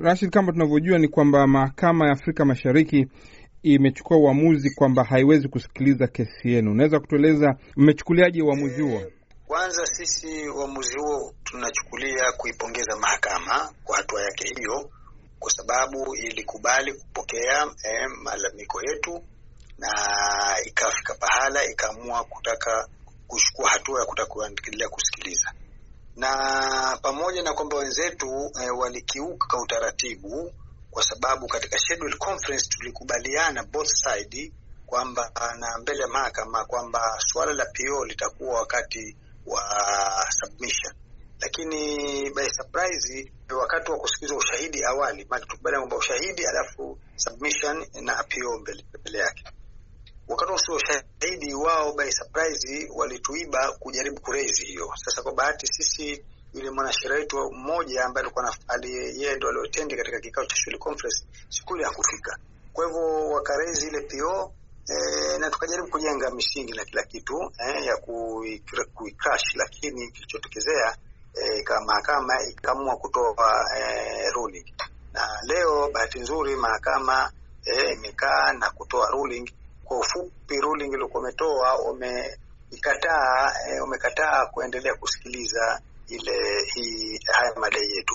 Rashid, kama tunavyojua ni kwamba mahakama ya Afrika Mashariki imechukua uamuzi kwamba haiwezi kusikiliza kesi yenu. Unaweza kutueleza mmechukuliaje uamuzi huo? Eh, kwanza sisi uamuzi huo tunachukulia kuipongeza mahakama kwa hatua yake hiyo, kwa sababu ilikubali kupokea eh, malalamiko yetu na ikafika pahala ikaamua kutaka kuchukua hatua ya kutaka kuendelea kusikiliza na Ah, pamoja na kwamba wenzetu e, walikiuka utaratibu, kwa sababu katika schedule conference tulikubaliana both side kwamba ah, na mbele ya mahakama kwamba suala la PO litakuwa wakati wa submission, lakini by surprise, wakati wa kusikizwa ushahidi awali, maana tukubaliana kwamba ushahidi alafu submission na PO mbele yake wakati usio ushahidi wao, by surprise walituiba kujaribu kurezi hiyo. Sasa kwa bahati sisi yule mwanasheria wetu mmoja ambaye alikuwa yeye ndo aliotendi katika kikao cha shule conference siku ile hakufika. Kwa hivyo wakarezi ile PO e, eh, na tukajaribu kujenga misingi na kila kitu e, ya kuikrash, lakini kilichotokezea e, mahakama ikaamua kutoa e, ruling na leo bahati nzuri mahakama imekaa e, na kutoa ruling. Kwa ufupi ruling iliokuwa umetoa umekataa, e, umekataa kuendelea kusikiliza ile hii haya madai yetu,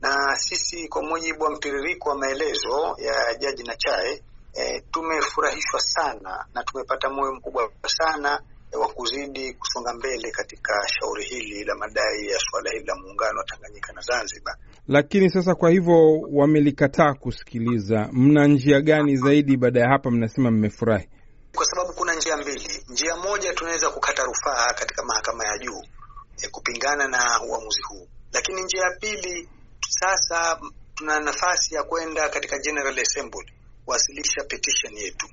na sisi kwa mujibu wa mtiririko wa maelezo ya Jaji chae e, eh, tumefurahishwa sana na tumepata moyo mkubwa sana eh, wa kuzidi kusonga mbele katika shauri hili la madai ya suala hili la muungano wa Tanganyika na Zanzibar. Lakini sasa, kwa hivyo wamelikataa kusikiliza, mna njia gani zaidi baada ya hapa? Mnasema mmefurahi kwa sababu kuna njia mbili. Njia moja tunaweza kukata rufaa katika mahakama ya juu ya eh, kupingana na uamuzi huu. Lakini njia ya pili, sasa tuna nafasi ya kwenda katika General Assembly kuwasilisha petition yetu,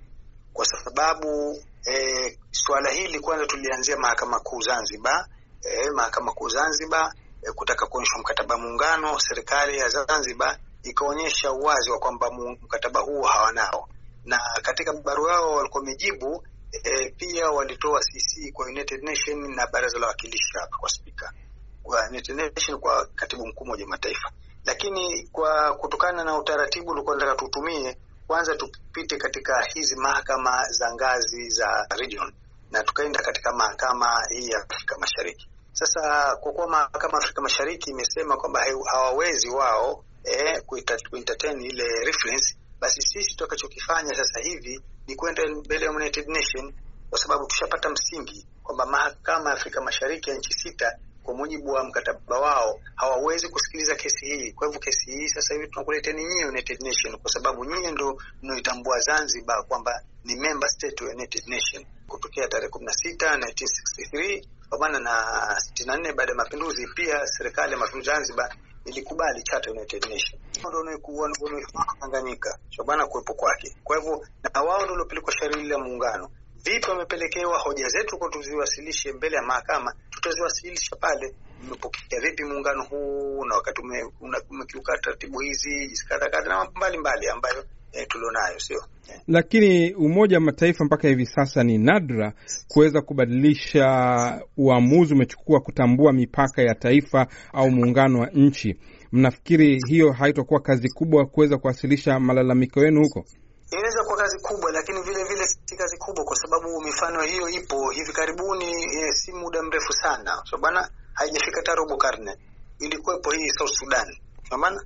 kwa sababu e, eh, swala hili kwanza tulianzia mahakama kuu Zanzibar, E, mahakama kuu Zanzibar e, kutaka kuonyeshwa mkataba muungano, serikali ya Zanzibar ikaonyesha uwazi wa kwamba mkataba huu hawanao, na katika barua yao walikuwa wamejibu e, pia walitoa CC kwa United Nation na baraza la wakilishi hapa kwa spika kwa United Nation kwa katibu mkuu Umoja Mataifa, lakini kwa kutokana na utaratibu ulikuwa nataka tutumie kwanza tupite katika hizi mahakama za ngazi za region na tukaenda katika mahakama hii ya Afrika Mashariki. Sasa kwa kuwa mahakama Afrika Mashariki imesema kwamba hawawezi wao eh, kuentertain ile reference basi sisi tutakachokifanya sasa hivi ni kwenda mbele ya United Nation kwa sababu tushapata msingi kwamba mahakama ya Afrika Mashariki ya nchi sita kwa mujibu wa mkataba wao hawawezi kusikiliza kesi hii. Kwa hivyo kesi hii sasa hivi tunakuleteni nyinyi United Nation, kwa sababu nyinyi ndo mnaoitambua Zanzibar kwamba ni member state wa United Nation kutokea tarehe kumi na sita 1963 pambana na 64 baada ya mapinduzi. Pia serikali ya mapinduzi Zanzibar ilikubali Charter United Nation, ndio wanaoifahamu Tanganyika shabana kuwepo kwake. Kwa hivyo na wao ndio waliopeleka sheria ya la muungano. Vipi wamepelekewa hoja zetu kwa tuziwasilishe mbele ya mahakama, tutaziwasilisha pale mmepokea vipi muungano huu, na wakati umekiuka taratibu hizi jisikadakada na mambo mbalimbali ambayo eh, tulionayo sio Lakini Umoja wa Mataifa mpaka hivi sasa ni nadra kuweza kubadilisha uamuzi umechukua kutambua mipaka ya taifa au muungano wa nchi. Mnafikiri hiyo haitakuwa kazi kubwa kuweza kuwasilisha malalamiko yenu huko? Inaweza kuwa kazi kubwa, lakini vile vile si kazi kubwa, kwa sababu mifano hiyo ipo hivi karibuni, e, si muda mrefu sana, so bana, haijafika hata robo karne ilikuwepo hii South Sudan, maana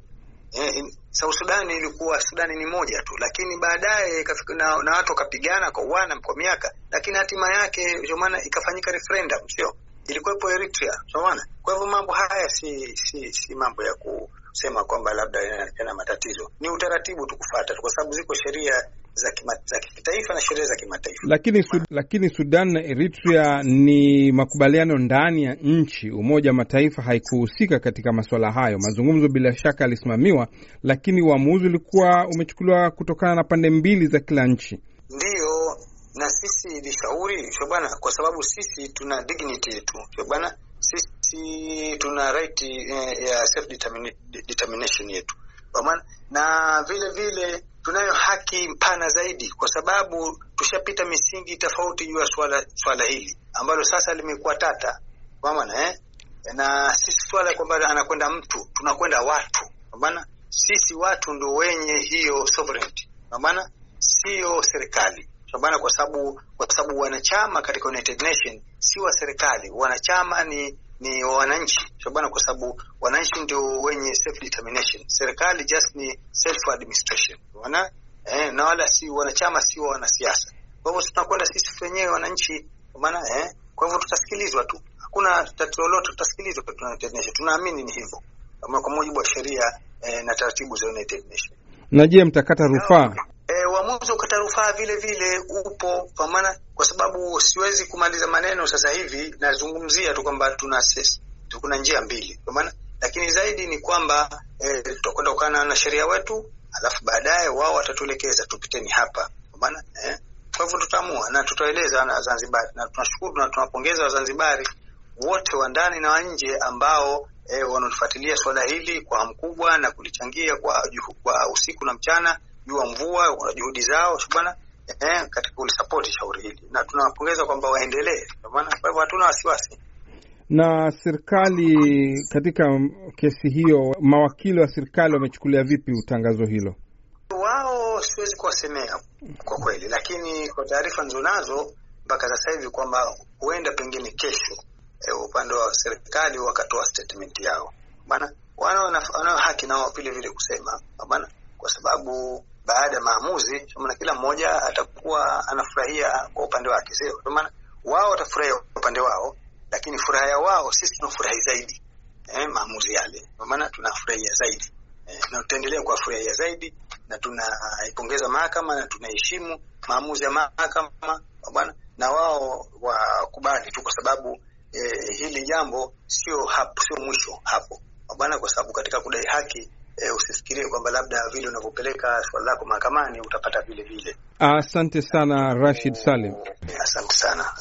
Eh, eh, South Sudan ilikuwa Sudan ni moja tu, lakini baadaye na, na watu wakapigana kwa uana kwa miaka, lakini hatima yake ndio maana ikafanyika referendum, sio ilikuwepo Eritrea, sio maana. Kwa hivyo mambo haya si si, si mambo ya kusema kwamba labda yana matatizo, ni utaratibu tu kufuata, kwa sababu ziko sheria za kitaifa na sheria za kimataifa. Lakini, su, lakini Sudan na Eritrea ni makubaliano ndani ya nchi. Umoja wa Mataifa haikuhusika katika masuala hayo. Mazungumzo bila shaka yalisimamiwa, lakini uamuzi ulikuwa umechukuliwa kutokana na pande mbili za kila nchi. Ndiyo, na sisi ilishauri sio bwana, kwa sababu sisi tuna dignity yetu sio bwana, sisi tuna right eh, ya self determination yetu na vile vile tunayo haki mpana zaidi, kwa sababu tushapita misingi tofauti juu ya swala swala hili ambalo sasa limekuwa tata maana, eh? na sisi swala kwamba anakwenda mtu, tunakwenda watu, maana sisi watu ndio wenye hiyo sovereignty, maana siyo serikali kwa sababu kwa sababu wanachama katika United Nation si wa serikali, wanachama ni ni wananchi shabana kwa sababu wananchi ndio wenye self determination. Serikali just ni self administration unaona, eh, na wala si wanachama, si wanasiasa. Kwa hivyo tunakwenda sisi wenyewe wananchi, maana eh, kwa hivyo tutasikilizwa tu, hakuna tatizo lolote, tutasikilizwa kwa United Nations tunaamini ni hivyo kwa mujibu wa sheria eh, na taratibu za United Nations. Na je, mtakata rufaa? uamuzi ukata rufaa vile vile upo, kwa maana kwa sababu siwezi kumaliza maneno sasa hivi, nazungumzia tu kwamba tuna kuna njia mbili, kwa maana lakini zaidi ni kwamba e, tutakwenda kukana na sheria wetu, alafu baadaye wao watatuelekeza tupiteni hapa, kwa maana eh, kwa hivyo tutaamua na tutaeleza na Zanzibar, na tunashukuru na tunapongeza Wazanzibari wote wa ndani na wa nje ambao eh, wanaofuatilia suala hili kwa mkubwa na kulichangia kwa, kwa usiku na mchana jua mvua, wana juhudi zao bwana eh, katika kulisapoti shauri hili, na tunawapongeza kwamba waendelee. Kwa hivyo hatuna wasiwasi na serikali. Katika kesi hiyo, mawakili wa serikali wamechukulia vipi utangazo hilo? Wao siwezi kuwasemea kwa kweli, lakini kwa taarifa nzonazo mpaka sasa hivi kwamba huenda pengine kesho e, upande wa serikali wakatoa statement yao bana, wanao haki nao vile vile kusema bana, kwa sababu baada ya maamuzi, kwa maana kila mmoja atakuwa anafurahia kwa upande wake, sio? Kwa maana wao watafurahia upande wao, lakini furaha ya wao sisi tunafurahi zaidi eh, maamuzi yale, kwa maana tunafurahia zaidi eh, na tutaendelea kuwafurahia zaidi, na tunaipongeza mahakama na tunaheshimu maamuzi ya mahakama bwana, na wao wakubali tu, kwa sababu eh, hili jambo sio hapo, sio mwisho hapo bwana, kwa sababu katika kudai haki e, usifikirie kwamba labda vile unavyopeleka swala lako mahakamani utapata vile vile. Asante sana Rashid Salim, asante sana.